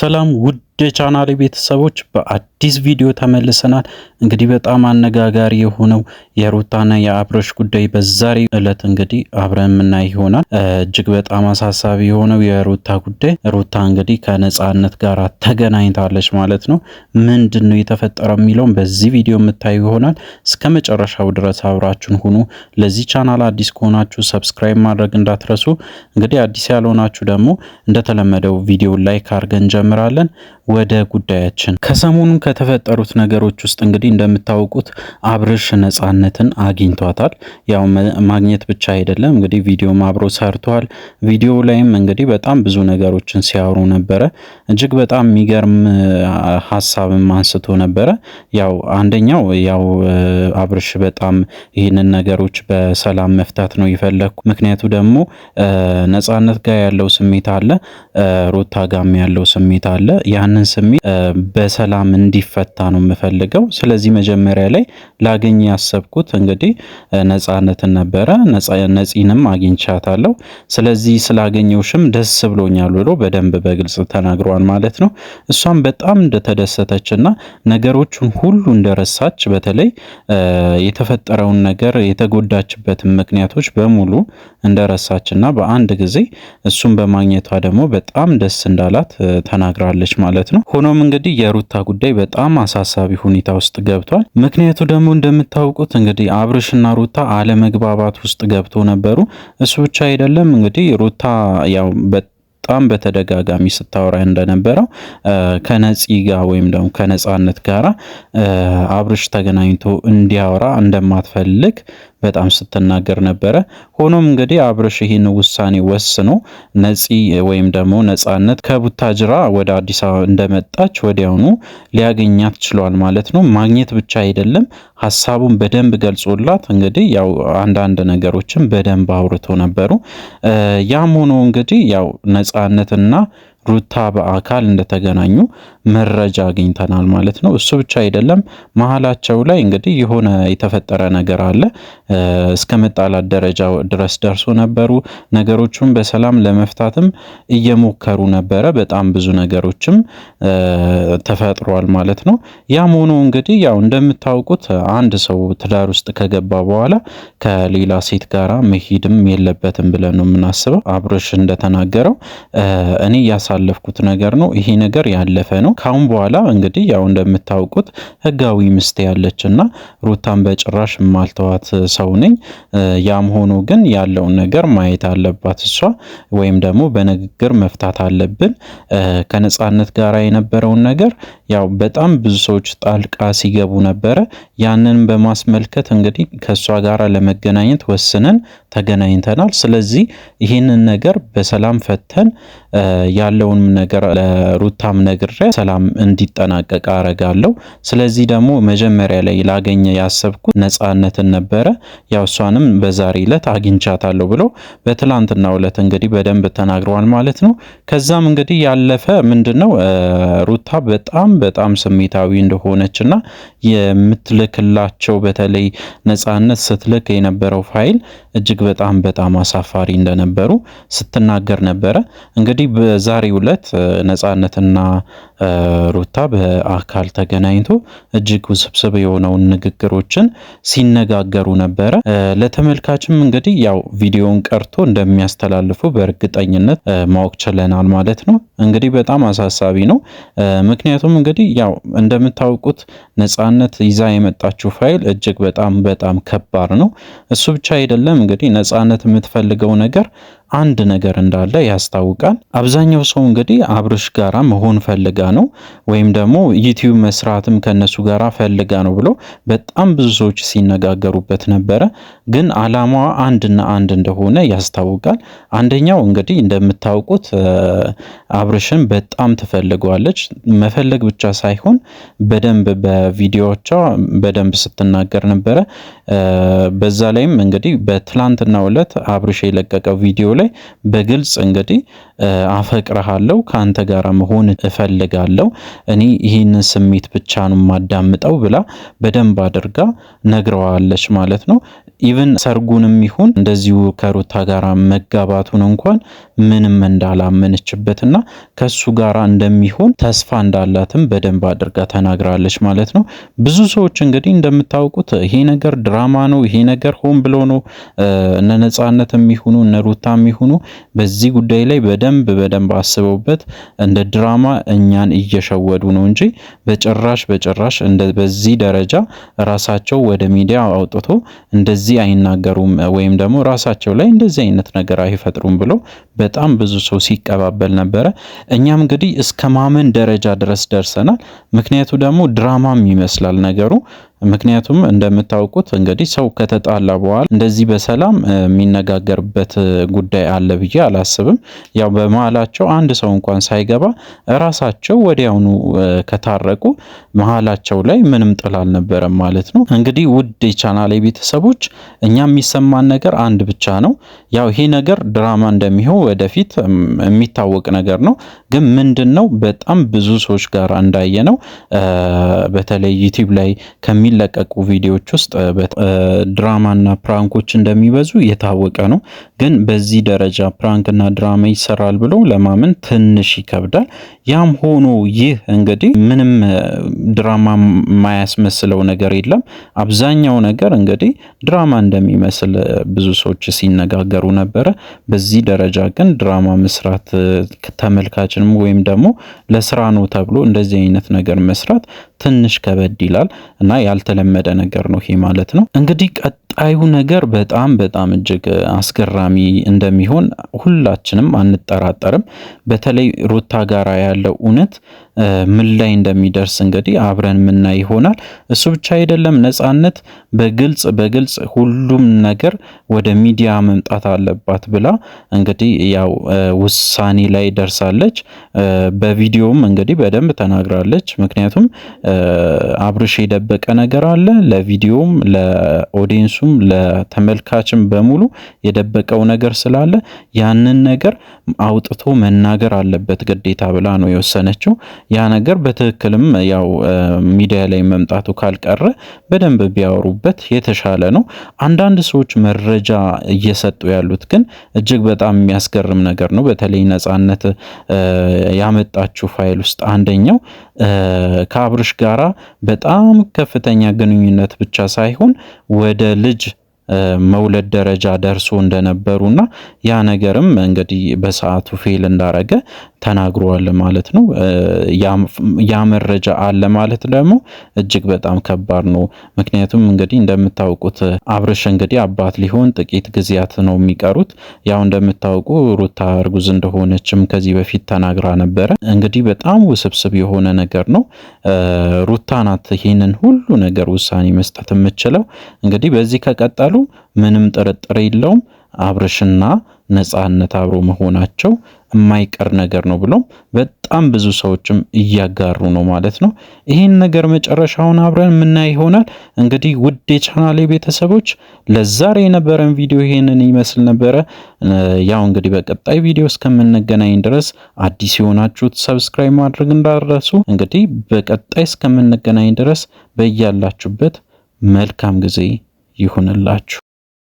ሰላም ውድ የቻናል ቤተሰቦች በአዲስ ቪዲዮ ተመልሰናል። እንግዲህ በጣም አነጋጋሪ የሆነው የሩታና የአብረሽ ጉዳይ በዛሬ እለት እንግዲህ አብረን የምናይ ይሆናል። እጅግ በጣም አሳሳቢ የሆነው የሩታ ጉዳይ ሩታ እንግዲህ ከነጻነት ጋር ተገናኝታለች ማለት ነው። ምንድን ነው የተፈጠረው የሚለውም በዚህ ቪዲዮ የምታዩ ይሆናል። እስከ መጨረሻው ድረስ አብራችን ሁኑ። ለዚህ ቻናል አዲስ ከሆናችሁ ሰብስክራይብ ማድረግ እንዳትረሱ። እንግዲህ አዲስ ያልሆናችሁ ደግሞ እንደተለመደው ቪዲዮ ላይክ አድርገን እንጀምራለን። ወደ ጉዳያችን ከሰሞኑ ከተፈጠሩት ነገሮች ውስጥ እንግዲህ እንደምታውቁት አብርሽ ነጻነትን አግኝቷታል። ያው ማግኘት ብቻ አይደለም እንግዲህ ቪዲዮም አብሮ ሰርቷል። ቪዲዮ ላይም እንግዲህ በጣም ብዙ ነገሮችን ሲያወሩ ነበረ። እጅግ በጣም የሚገርም ሀሳብም አንስቶ ነበረ። ያው አንደኛው ያው አብርሽ በጣም ይህንን ነገሮች በሰላም መፍታት ነው የፈለግኩ። ምክንያቱ ደግሞ ነጻነት ጋር ያለው ስሜት አለ፣ ሩታ ጋም ያለው ስሜት አለ ያን ያንን ስሜት በሰላም እንዲፈታ ነው የምፈልገው። ስለዚህ መጀመሪያ ላይ ላገኝ ያሰብኩት እንግዲህ ነፃነትን ነበረ። ነፂንም አግኝቻታለሁ። ስለዚህ ስላገኘውሽም ደስ ብሎኛል ብሎ በደንብ በግልጽ ተናግሯል ማለት ነው። እሷም በጣም እንደተደሰተችና ነገሮቹን ሁሉ እንደረሳች በተለይ የተፈጠረውን ነገር የተጎዳችበትን ምክንያቶች በሙሉ እንደረሳችና በአንድ ጊዜ እሱን በማግኘቷ ደግሞ በጣም ደስ እንዳላት ተናግራለች ማለት ማለት ነው። ሆኖም እንግዲህ የሩታ ጉዳይ በጣም አሳሳቢ ሁኔታ ውስጥ ገብቷል። ምክንያቱ ደግሞ እንደምታውቁት እንግዲህ አብርሽና ሩታ አለመግባባት ውስጥ ገብቶ ነበሩ። እሱ ብቻ አይደለም እንግዲህ ሩታ ያው በጣም በተደጋጋሚ ስታወራ እንደነበረው ከነፂ ጋር ወይም ደግሞ ከነፃነት ጋራ አብርሽ ተገናኝቶ እንዲያወራ እንደማትፈልግ በጣም ስትናገር ነበረ። ሆኖም እንግዲህ አብርሽ ይህን ውሳኔ ወስኖ ነፂ ወይም ደግሞ ነፃነት ከቡታጅራ ወደ አዲስ አበባ እንደመጣች ወዲያውኑ ሊያገኛት ችሏል ማለት ነው። ማግኘት ብቻ አይደለም ሀሳቡን በደንብ ገልጾላት እንግዲህ ያው አንዳንድ ነገሮችን በደንብ አውርቶ ነበሩ። ያም ሆኖ እንግዲህ ያው ነፃነትና ሩታ በአካል እንደተገናኙ መረጃ አግኝተናል ማለት ነው። እሱ ብቻ አይደለም፣ መሀላቸው ላይ እንግዲህ የሆነ የተፈጠረ ነገር አለ። እስከ መጣላት ደረጃ ድረስ ደርሶ ነበሩ። ነገሮቹም በሰላም ለመፍታትም እየሞከሩ ነበረ። በጣም ብዙ ነገሮችም ተፈጥሯል ማለት ነው። ያም ሆኖ እንግዲህ ያው እንደምታውቁት አንድ ሰው ትዳር ውስጥ ከገባ በኋላ ከሌላ ሴት ጋራ መሄድም የለበትም ብለን ነው የምናስበው። አብርሽ እንደተናገረው እኔ ያሳ ያሳለፍኩት ነገር ነው። ይሄ ነገር ያለፈ ነው። ካሁን በኋላ እንግዲህ ያው እንደምታውቁት ህጋዊ ሚስት ያለች እና ሩታን በጭራሽ የማልተዋት ሰው ነኝ። ያም ሆኖ ግን ያለውን ነገር ማየት አለባት እሷ ወይም ደግሞ በንግግር መፍታት አለብን። ከነጻነት ጋር የነበረውን ነገር ያው በጣም ብዙ ሰዎች ጣልቃ ሲገቡ ነበረ። ያንን በማስመልከት እንግዲህ ከእሷ ጋር ለመገናኘት ወስነን ተገናኝተናል። ስለዚህ ይህንን ነገር በሰላም ፈተን ያለው ያለውንም ነገር ለሩታም ነግሬ ሰላም እንዲጠናቀቅ አረጋለሁ። ስለዚህ ደግሞ መጀመሪያ ላይ ላገኘ ያሰብኩት ነጻነትን ነበረ። ያው እሷንም በዛሬ ዕለት አግኝቻታለሁ ብሎ በትላንትና ዕለት እንግዲህ በደንብ ተናግረዋል ማለት ነው። ከዛም እንግዲህ ያለፈ ምንድን ነው ሩታ በጣም በጣም ስሜታዊ እንደሆነችና የምትልክላቸው በተለይ ነጻነት ስትልክ የነበረው ፋይል እጅግ በጣም በጣም አሳፋሪ እንደነበሩ ስትናገር ነበረ። እንግዲህ በዛሬ በዛሬው ዕለት ነጻነትና ሩታ በአካል ተገናኝቶ እጅግ ውስብስብ የሆነውን ንግግሮችን ሲነጋገሩ ነበረ። ለተመልካችም እንግዲህ ያው ቪዲዮን ቀርቶ እንደሚያስተላልፉ በእርግጠኝነት ማወቅ ችለናል ማለት ነው። እንግዲህ በጣም አሳሳቢ ነው። ምክንያቱም እንግዲህ ያው እንደምታውቁት ነጻነት ይዛ የመጣችው ፋይል እጅግ በጣም በጣም ከባድ ነው። እሱ ብቻ አይደለም እንግዲህ ነጻነት የምትፈልገው ነገር አንድ ነገር እንዳለ ያስታውቃል። አብዛኛው ሰው እንግዲህ አብርሽ ጋራ መሆን ፈልጋ ነው ወይም ደግሞ ዩቲዩብ መስራትም ከነሱ ጋራ ፈልጋ ነው ብሎ በጣም ብዙ ሰዎች ሲነጋገሩበት ነበረ። ግን አላማዋ አንድና አንድ እንደሆነ ያስታውቃል። አንደኛው እንግዲህ እንደምታውቁት አብርሽን በጣም ትፈልገዋለች። መፈለግ ብቻ ሳይሆን በደንብ በቪዲዮቿ በደንብ ስትናገር ነበረ። በዛ ላይም እንግዲህ በትላንትና ዕለት አብርሽ የለቀቀው ቪዲዮ ላይ በግልጽ እንግዲህ አፈቅረሃለው፣ ከአንተ ጋር መሆን እፈልጋለሁ፣ እኔ ይህንን ስሜት ብቻ ነው የማዳምጠው ብላ በደንብ አድርጋ ነግረዋለች ማለት ነው። ኢቨን ሰርጉንም ይሁን እንደዚሁ ከሩታ ጋር መጋባቱን እንኳን ምንም እንዳላመነችበትና ከሱ ጋር እንደሚሆን ተስፋ እንዳላትም በደንብ አድርጋ ተናግራለች ማለት ነው። ብዙ ሰዎች እንግዲህ እንደምታውቁት ይሄ ነገር ድራማ ነው፣ ይሄ ነገር ሆን ብሎ ነው እነ ነጻነት የሚሆኑ እነ ሩታ የሚሆኑ በዚህ ጉዳይ ላይ በደንብ በደንብ አስበውበት እንደ ድራማ እኛን እየሸወዱ ነው እንጂ በጭራሽ በጭራሽ በዚህ ደረጃ ራሳቸው ወደ ሚዲያ አውጥቶ እንደዚህ እንደዚህ አይናገሩም ወይም ደግሞ ራሳቸው ላይ እንደዚህ አይነት ነገር አይፈጥሩም ብሎ በጣም ብዙ ሰው ሲቀባበል ነበረ። እኛም እንግዲህ እስከ ማመን ደረጃ ድረስ ደርሰናል። ምክንያቱ ደግሞ ድራማም ይመስላል ነገሩ። ምክንያቱም እንደምታውቁት እንግዲህ ሰው ከተጣላ በኋላ እንደዚህ በሰላም የሚነጋገርበት ጉዳይ አለ ብዬ አላስብም። ያው በመሀላቸው አንድ ሰው እንኳን ሳይገባ እራሳቸው ወዲያውኑ ከታረቁ መሀላቸው ላይ ምንም ጥል አልነበረም ማለት ነው። እንግዲህ ውድ የቻናሌ ቤተሰቦች እኛ የሚሰማን ነገር አንድ ብቻ ነው። ያው ይሄ ነገር ድራማ እንደሚሆን ወደፊት የሚታወቅ ነገር ነው። ግን ምንድን ነው በጣም ብዙ ሰዎች ጋር እንዳየ ነው በተለይ ዩቲዩብ ላይ ከሚ ከሚለቀቁ ቪዲዮዎች ውስጥ ድራማና ፕራንኮች እንደሚበዙ የታወቀ ነው። ግን በዚህ ደረጃ ፕራንክና ድራማ ይሰራል ብሎ ለማመን ትንሽ ይከብዳል። ያም ሆኖ ይህ እንግዲህ ምንም ድራማ የማያስመስለው ነገር የለም። አብዛኛው ነገር እንግዲህ ድራማ እንደሚመስል ብዙ ሰዎች ሲነጋገሩ ነበረ። በዚህ ደረጃ ግን ድራማ መስራት ተመልካችንም ወይም ደግሞ ለስራ ነው ተብሎ እንደዚህ አይነት ነገር መስራት ትንሽ ከበድ ይላል እና ያልተለመደ ነገር ነው ይሄ ማለት ነው። እንግዲህ ቀጣዩ ነገር በጣም በጣም እጅግ አስገራሚ እንደሚሆን ሁላችንም አንጠራጠርም። በተለይ ሩታ ጋራ ያለው እውነት ምን ላይ እንደሚደርስ እንግዲህ አብረን የምናይ ይሆናል። እሱ ብቻ አይደለም፣ ነጻነት በግልጽ በግልጽ ሁሉም ነገር ወደ ሚዲያ መምጣት አለባት ብላ እንግዲህ ያው ውሳኔ ላይ ደርሳለች። በቪዲዮም እንግዲህ በደንብ ተናግራለች። ምክንያቱም አብርሽ የደበቀ ነገር አለ። ለቪዲዮም፣ ለኦዲየንሱም፣ ለተመልካችም በሙሉ የደበቀው ነገር ስላለ ያንን ነገር አውጥቶ መናገር አለበት ግዴታ ብላ ነው የወሰነችው። ያ ነገር በትክክልም ያው ሚዲያ ላይ መምጣቱ ካልቀረ በደንብ ቢያወሩበት የተሻለ ነው። አንዳንድ ሰዎች መረጃ እየሰጡ ያሉት ግን እጅግ በጣም የሚያስገርም ነገር ነው። በተለይ ነጻነት ያመጣችው ፋይል ውስጥ አንደኛው ከአብርሽ ጋራ በጣም ከፍተኛ ግንኙነት ብቻ ሳይሆን ወደ ልጅ መውለድ ደረጃ ደርሶ እንደነበሩ እና ያ ነገርም እንግዲህ በሰዓቱ ፌል እንዳረገ ተናግረዋል ማለት ነው። ያ መረጃ አለ ማለት ደግሞ እጅግ በጣም ከባድ ነው። ምክንያቱም እንግዲህ እንደምታውቁት አብርሽ እንግዲህ አባት ሊሆን ጥቂት ጊዜያት ነው የሚቀሩት። ያው እንደምታውቁ ሩታ እርጉዝ እንደሆነችም ከዚህ በፊት ተናግራ ነበረ። እንግዲህ በጣም ውስብስብ የሆነ ነገር ነው። ሩታ ናት ይህንን ሁሉ ነገር ውሳኔ መስጠት የምችለው። እንግዲህ በዚህ ከቀጠሉ መቀጠሉ ምንም ጥርጥር የለውም። አብርሽና ነጻነት አብሮ መሆናቸው የማይቀር ነገር ነው ብሎም በጣም ብዙ ሰዎችም እያጋሩ ነው ማለት ነው። ይህን ነገር መጨረሻውን አብረን የምናይ ይሆናል። እንግዲህ ውድ የቻናሌ ቤተሰቦች ለዛሬ የነበረን ቪዲዮ ይሄንን ይመስል ነበረ። ያው እንግዲህ በቀጣይ ቪዲዮ እስከምንገናኝ ድረስ አዲስ የሆናችሁት ሰብስክራይብ ማድረግ እንዳረሱ። እንግዲህ በቀጣይ እስከምንገናኝ ድረስ በያላችሁበት መልካም ጊዜ Hijo en el lacho.